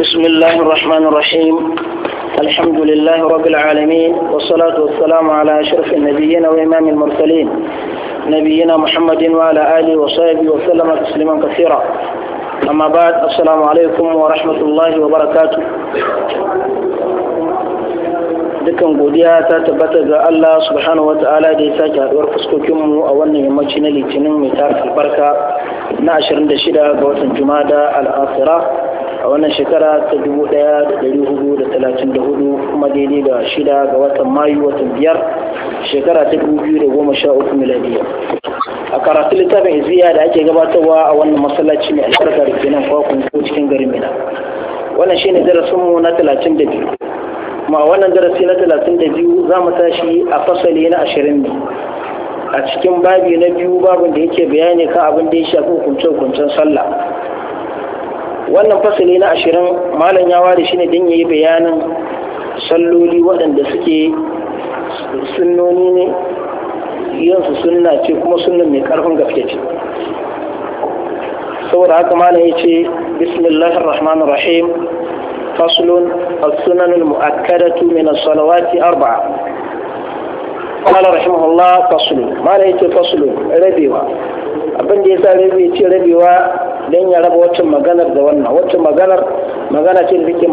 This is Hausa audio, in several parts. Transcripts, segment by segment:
بسم الله الرحمن الرحيم الحمد لله رب العالمين والصلاة والسلام على أشرف النبيين وإمام المرسلين نبينا محمد وعلى آله وصحبه وسلم تسليما كثيرا أما بعد السلام عليكم ورحمة الله وبركاته dukkan godiya ta tabbata ga Allah subhanahu wata'ala da ya sake haɗuwar fuskokinmu a wannan yammaci na litinin mai tarin na 26 ga watan al'asira a wannan shekara ta 1434 kuma daidai da shida ga watan mayu watan biyar shekara ta 2013 miladiya a karatu littafin iziya da ake gabatarwa a wannan masallaci mai albarka da ke nan kwakwan ko cikin garin mina wannan shine darasinmu na 32 kuma a wannan darasi na 32 za mu tashi a fasali na 20 ne a cikin babi na biyu babin da yake bayani ka abin da ya shafi hukunce-hukuncen sallah wannan fasali na ashirin malam ya ware shi ne don yi bayanin salloli waɗanda suke sunnoni ne yansu sunna ce kuma sunnan mai ƙarfin gaske ce saboda haka malam ya ce bismillahir rahmanir rahim faslun as-sunan al-mu'akkadatu min as-salawati arba'a qala rahimahullah faslun malam ya ce faslun rabewa abin da ya ce rabewa don ya raba waccan maganar da wannan wacce maganar magana ce da ke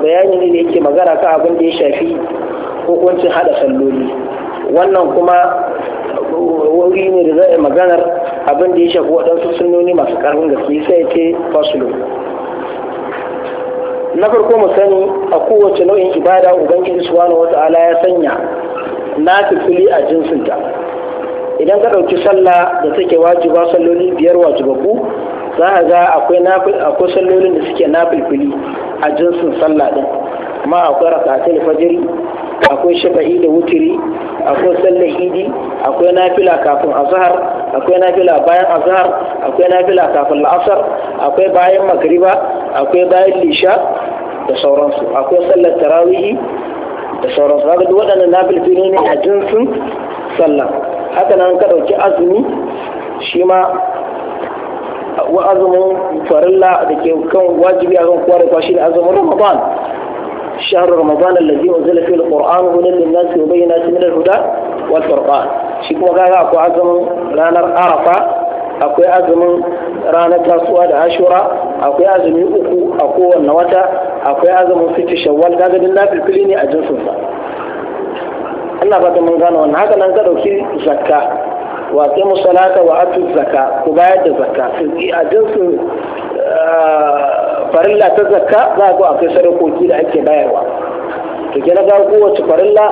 bayani ne da yake magana ka abin da ya shafi hukuncin hada salloli wannan kuma wuri ne da za a maganar abin da ya shafi waɗansu sunnoni masu ƙarfin gaske sai ce fasulun na farko mu sani a kowace nau'in ibada ubangiji subhanahu wata'ala ya sanya na fili a jinsinta idan ka ɗauki sallah da take wajiba salloli biyar wajibaku za a ga akwai sallolin da suke nafilfili a jinsin sallah ɗin. amma akwai rakatul fajr akwai shafa'i da wutiri akwai sallar idi akwai nafila kafin azhar akwai nafila bayan azhar akwai nafila kafin la'asar akwai bayan magriba akwai bayan lisha da sauransu akwai sallar tarawihi da sauransu haka duk waɗannan nafilfili ne a jinsin sallah haka nan ka ɗauki azumi shi ma azumin farilla da ke kan wajibi a kan kowa da kwashi da azumin ramadan shahar ramadan allazi wa zala fil qur'an wa lil nas wa bayyana min al huda wal furqan shi kuma kaga akwai azumin ranar arafa akwai azumin ranar tasuwa da ashura akwai azumi uku a kowanne wata akwai azumin fitr shawwal kaga din lafi ne a jinsin Allah ta mun gano wannan haka nan ka dauki zakka wa ta musalata wa atu zakka ku bayar da zakka a jinsin eh, farilla ta zakka za ku akwai sarakoki da ake bayarwa to na ga kowace farilla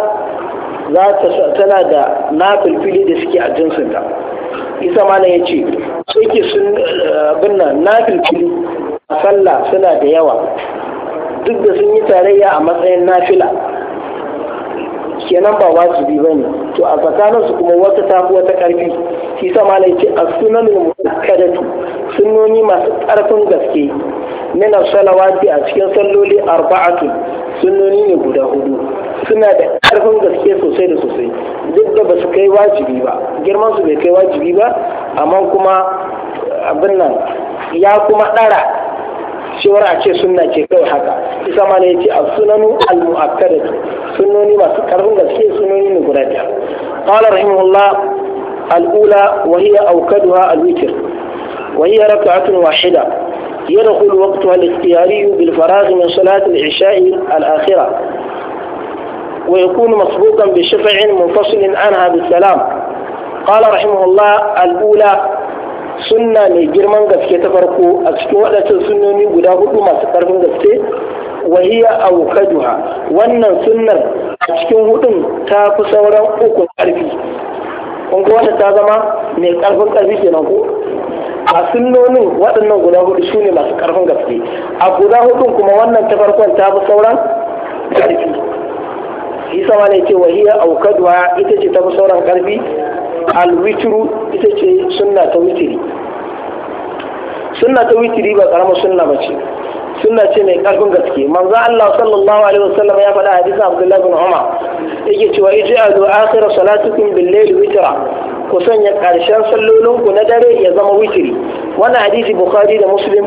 za ta tana da na filfili da suke a jinsin ta isa mana ya ce suke sun eh, binna na filfili a sallah suna da yawa duk da sun yi tarayya a matsayin nafila kenan ba wajibi bane to a tsakanin su kuma wata tafi wata karfi shi sa malai ce as-sunanul muakkadatu sunoni masu karfin gaske min salawati a cikin salloli arba'atu sunoni ne guda hudu suna da karfin gaske sosai da sosai duk da basu kai wajibi ba girman su bai kai wajibi ba amma kuma abin nan ya kuma dara cewar a ce sunna ce kawai haka isa ma ne yace as-sunanu al-mu'akkadatu sunnoni masu karfin gaske sunoni ne guda biyar qala rahimahullah al-ula wa hiya awkaduha al-witr wa hiya rak'atun wahida يدخل وقتها الاختياري بالفراغ من صلاة العشاء الآخرة ويكون مسبوقا بشفع منفصل عنها بالسلام قال رحمه الله الأولى sunna mai girman gaske ta farko a cikin waɗancan sunnoni guda hudu masu ƙarfin gaske wahiya aukaduha wannan sunnar a cikin hudun ta fi sauran uku ƙarfi kun ga wata ta zama mai ƙarfin ƙarfi kenan ko a sunnonin waɗannan guda hudu su ne masu ƙarfin gaske a guda hudun kuma wannan ta farkon ta fi sauran ƙarfi isa ma ne ce wahiya aukaduha ita ce ta fi sauran ƙarfi alwitru ita ce sunna ta witiri sunna ta witiri ba karama sunna ba ce sunna ce mai karfin gaske manzo Allah sallallahu alaihi wasallam ya faɗa hadisin Abdullah bin Umar yake cewa a akhir salatukum bil-layl witra ku sanya karshen sallolin ku na dare ya zama witiri wannan hadisi Bukhari da Muslim